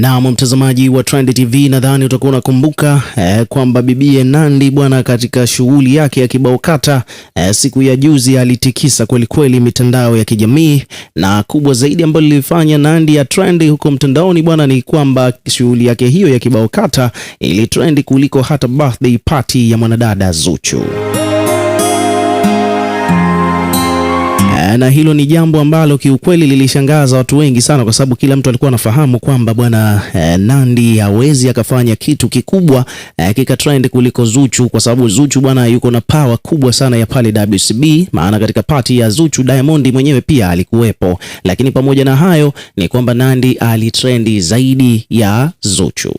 Naam, mtazamaji wa Trend TV, nadhani utakuwa unakumbuka eh, kwamba bibie Nandi bwana, katika shughuli yake ya kibao kata eh, siku ya juzi alitikisa kweli kweli mitandao ya kijamii, na kubwa zaidi ambalo lilifanya Nandi ya trend huko mtandaoni bwana, ni kwamba shughuli yake hiyo ya kibao kata ili trend kuliko hata birthday party ya mwanadada Zuchu. na hilo ni jambo ambalo kiukweli lilishangaza watu wengi sana, kwa sababu kila mtu alikuwa anafahamu kwamba bwana eh, Nandi hawezi akafanya kitu kikubwa eh, kika trend kuliko Zuchu, kwa sababu Zuchu bwana yuko na power kubwa sana ya pale WCB, maana katika party ya Zuchu Diamond mwenyewe pia alikuwepo. Lakini pamoja na hayo ni kwamba nandi alitrendi zaidi ya Zuchu.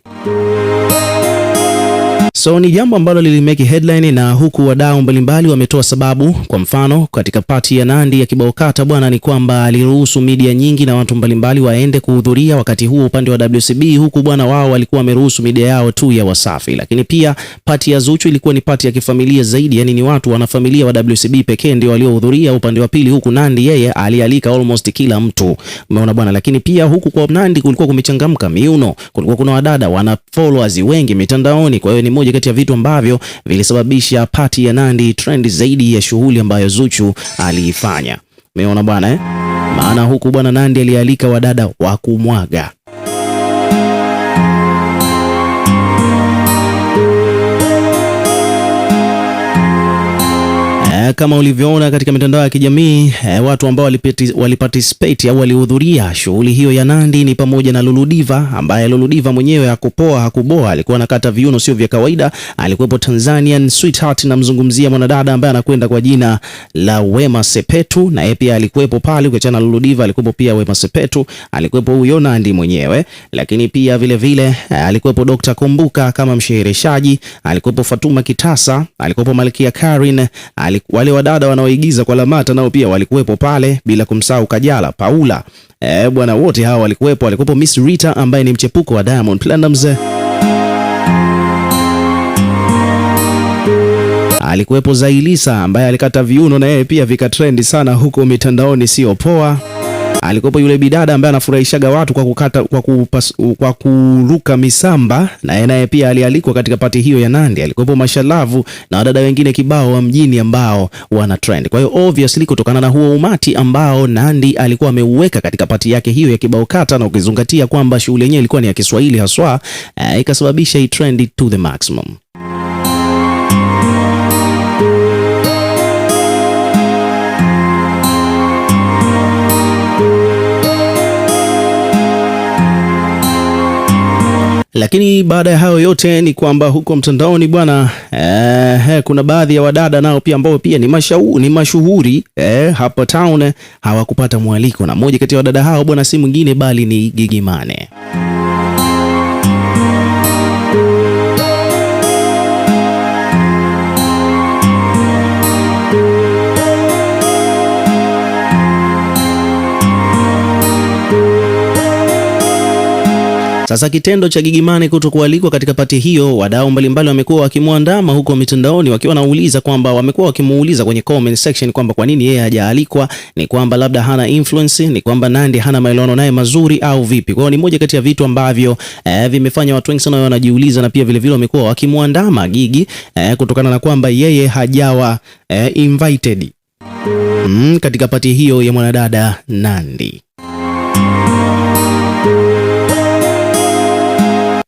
So ni jambo ambalo lilimeki headline na huku wadau mbalimbali wametoa sababu. Kwa mfano, katika pati ya Nandi ya kibao kata bwana, ni kwamba aliruhusu media nyingi na watu mbalimbali waende kuhudhuria wakati huo upande wa WCB, huku bwana wao walikuwa wameruhusu media yao tu ya Wasafi. Lakini pia pati ya Zuchu ilikuwa ni pati ya kifamilia zaidi, yani ni watu wanafamilia wa WCB pekee ndio waliohudhuria upande wa pili, huku Nandi yeye alialika almost kila mtu, umeona bwana. Lakini pia huku kwa Nandi kulikuwa kumechangamka miuno, kulikuwa kuna wadada wana followers wengi mitandaoni, kwa hiyo ni moja kati ya vitu ambavyo vilisababisha pati ya Nandi trend zaidi ya shughuli ambayo Zuchu aliifanya. Umeona bwana eh? Maana huku bwana Nandi alialika wadada wa kumwaga Eh, kama ulivyoona katika mitandao ya kijamii e, watu ambao waliparticipate au walihudhuria shughuli hiyo ya Nandi ni pamoja na Lulu Diva, ambaye Lulu Diva mwenyewe hakupoa hakuboa, alikuwa anakata viuno sio vya kawaida. Alikuwepo Tanzanian Sweetheart, namzungumzia mwanadada ambaye anakwenda kwa jina la Wema Sepetu, na yeye pia alikuwepo pale. Ukiachana na Lulu Diva, alikuwepo pia Wema Sepetu, alikuwepo huyo Nandi mwenyewe, lakini pia vile vile eh, alikuwepo Dr. Kumbuka kama mshereheshaji, alikuwepo Fatuma Kitasa, alikuwepo Malkia Karin, alikuwa wale wadada wanaoigiza kwa Lamata nao pia walikuwepo pale, bila kumsahau Kajala, Paula, eh, bwana, wote hawa walikuwepo. Walikuwepo Miss Rita ambaye ni mchepuko wa Diamond Platnumz alikuwepo Zailisa ambaye alikata viuno na yeye pia vikatrendi sana huko mitandaoni, sio poa alikopo yule bidada ambaye anafurahishaga watu kwa kukata, kwa, kupas, kwa kuruka misamba naye naye pia alialikwa katika pati hiyo ya Nandi. Alikopo Mashalavu na wadada wengine kibao wa mjini ambao wana trend. Kwa hiyo obviously, kutokana na huo umati ambao Nandi alikuwa ameuweka katika pati yake hiyo ya kibao kata, na ukizingatia kwamba shughuli yenyewe ilikuwa ni ya Kiswahili haswa, eh, ikasababisha hii trend to the maximum. Lakini baada ya hayo yote ni kwamba huko mtandaoni bwana eh, kuna baadhi ya wadada nao pia ambao pia ni, mashau, ni mashuhuri eh, hapa town hawakupata mwaliko, na mmoja kati ya wadada hao bwana si mwingine bali ni Gigy Money. Sasa kitendo cha Gigimane kutokualikwa katika pati hiyo, wadau mbalimbali wamekuwa wakimwandama huko mitandaoni wakiwa nauliza kwamba wamekuwa wakimuuliza kwenye comment section kwamba kwa nini yeye hajaalikwa, ni kwamba labda hana influence, ni kwamba Nandy hana maelewano naye mazuri au vipi? Kwa hiyo ni moja kati ya vitu ambavyo eh, vimefanya watu wengi sana wanajiuliza, na pia vilevile wamekuwa wakimwandama Gigi eh, kutokana na kwamba yeye hajawa eh, invited mm, katika pati hiyo ya mwanadada Nandy.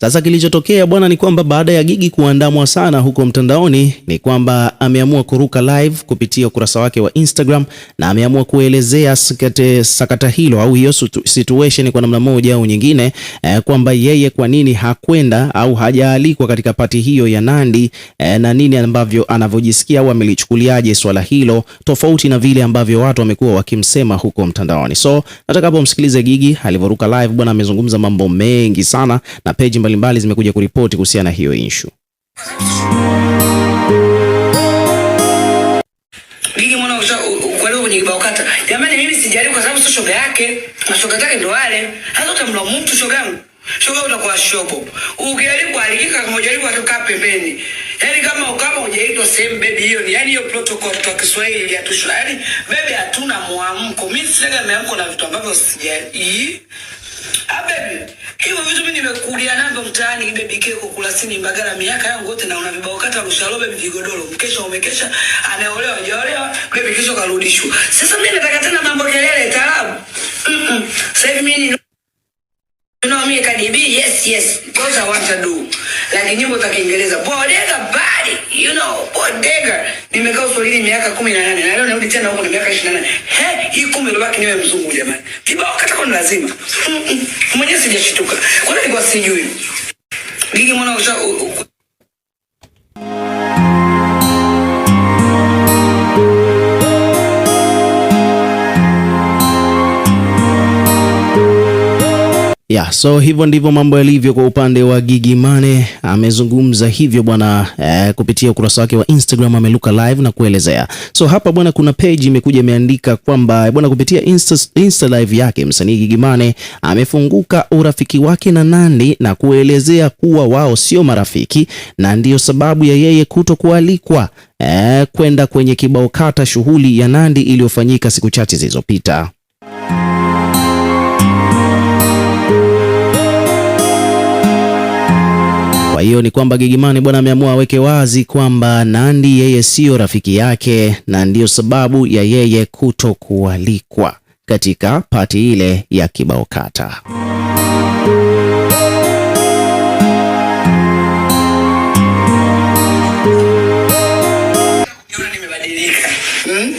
Sasa kilichotokea bwana ni kwamba baada ya Gigi kuandamwa sana huko mtandaoni, ni kwamba ameamua kuruka live kupitia ukurasa wake wa Instagram na ameamua kuelezea sakate, sakata hilo au hiyo situation kwa namna moja au nyingine eh, kwamba yeye kwa nini hakwenda au hajaalikwa katika pati hiyo ya Nandi eh, na nini ambavyo anavyojisikia au amelichukuliaje swala hilo tofauti na vile ambavyo watu wamekuwa wakimsema huko mtandaoni. So nataka hapo msikilize Gigi alivyoruka live bwana, amezungumza mambo mengi sana na page mbalimbali zimekuja kuripoti kuhusiana na hiyo inshu. mwana kwa leo kwenye kibao kata. Jamani, mimi sijali kwa sababu sio shoga yake, na shoga zake ndo wale. Hata utamla mtu shoga yangu, shoga utakuwa shopo. Ukijaribu kualikika kama ujaribu atoka pembeni, yaani kama ukama hujaitwa same baby, hiyo ni yaani hiyo protocol kwa Kiswahili ya tushula. Yaani baby, hatuna mwamko. Mimi sinaga mwamko na vitu ambavyo sijai. Ah baby Hivyo vitu mimi nimekulia navyo mtaani ibebike kukulasini Mbagala miaka yangu yote naona vibao kata rusharobe mvigodoro Mkesha umekesha, anaolewa hajaolewa, bebe kesho karudishwa. Sasa mimi nataka tena mambo kelele taabu. Mm -mm. Sasa mimi nitumie Cardi B, yes yes, those I want to do, lakini nyimbo za Kiingereza bodega body, you know bodega. Nimekaa Uswahilini miaka 18 na leo narudi tena huko na miaka 28. He, hii kumi ilibaki niwe mzungu jamani, kibao kata ni lazima mwenyewe sijashituka, kwa nini kwa sijui gigi mwana Yeah, so hivyo ndivyo mambo yalivyo kwa upande wa Gigy Money. Amezungumza hivyo bwana eh, kupitia ukurasa wake wa Instagram ameluka live na kuelezea. So hapa bwana, kuna page imekuja imeandika kwamba eh, bwana, kupitia Insta, Insta live yake msanii Gigy Money amefunguka urafiki wake na Nandy na kuelezea kuwa wao sio marafiki na ndiyo sababu ya yeye kuto kualikwa eh, kwenda kwenye kibao kata shughuli ya Nandy iliyofanyika siku chache zilizopita. Kwa hiyo ni kwamba Gigimani bwana ameamua aweke wazi kwamba Nandi yeye siyo rafiki yake, na ndiyo sababu ya yeye kutokualikwa katika pati ile ya kibao kata. Hmm?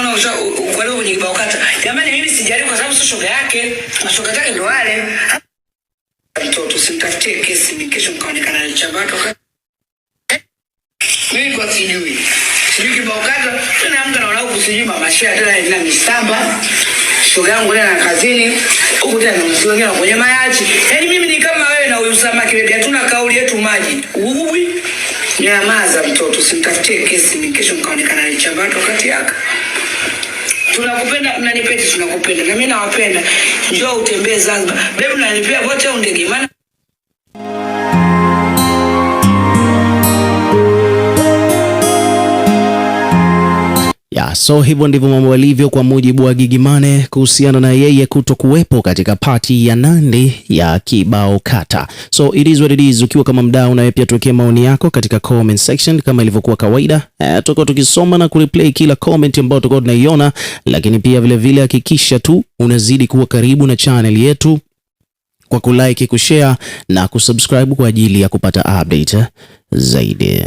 Hmm? Jamani mimi sijali kwa sababu sio shoga yake mtoto, usimtafutie kesi ni kesho mkaonekana chabaka. Mimi kwa sijui sijui kibao kata tena huku sijui tena ina misamba shoga yangu tena kazini huku tena msi wengine kwenye mayachi. Yaani mimi ni kama wewe na huyu samaki hatuna kauli yetu maji Nyamaza mtoto, kesi kesho chabaka yaka tunakupenda, mnanipenda, tunakupenda na mimi nawapenda. Njoo utembee Zanzibar, bebu nanipea wote undege maana ya so hivyo ndivyo mambo yalivyo kwa mujibu wa Gigimane kuhusiana na yeye kuto kuwepo katika pati ya Nandi ya kibao kata. So it is what it is. Ukiwa kama mdau, nawe pia tuwekee maoni yako katika comment section kama ilivyokuwa kawaida. E, eh, tuko tukisoma na kureplay kila comment ambayo tutakuwa tunaiona, lakini pia vilevile hakikisha tu unazidi kuwa karibu na channel yetu kwa kulike, kushare na kusubscribe kwa ajili ya kupata update zaidi.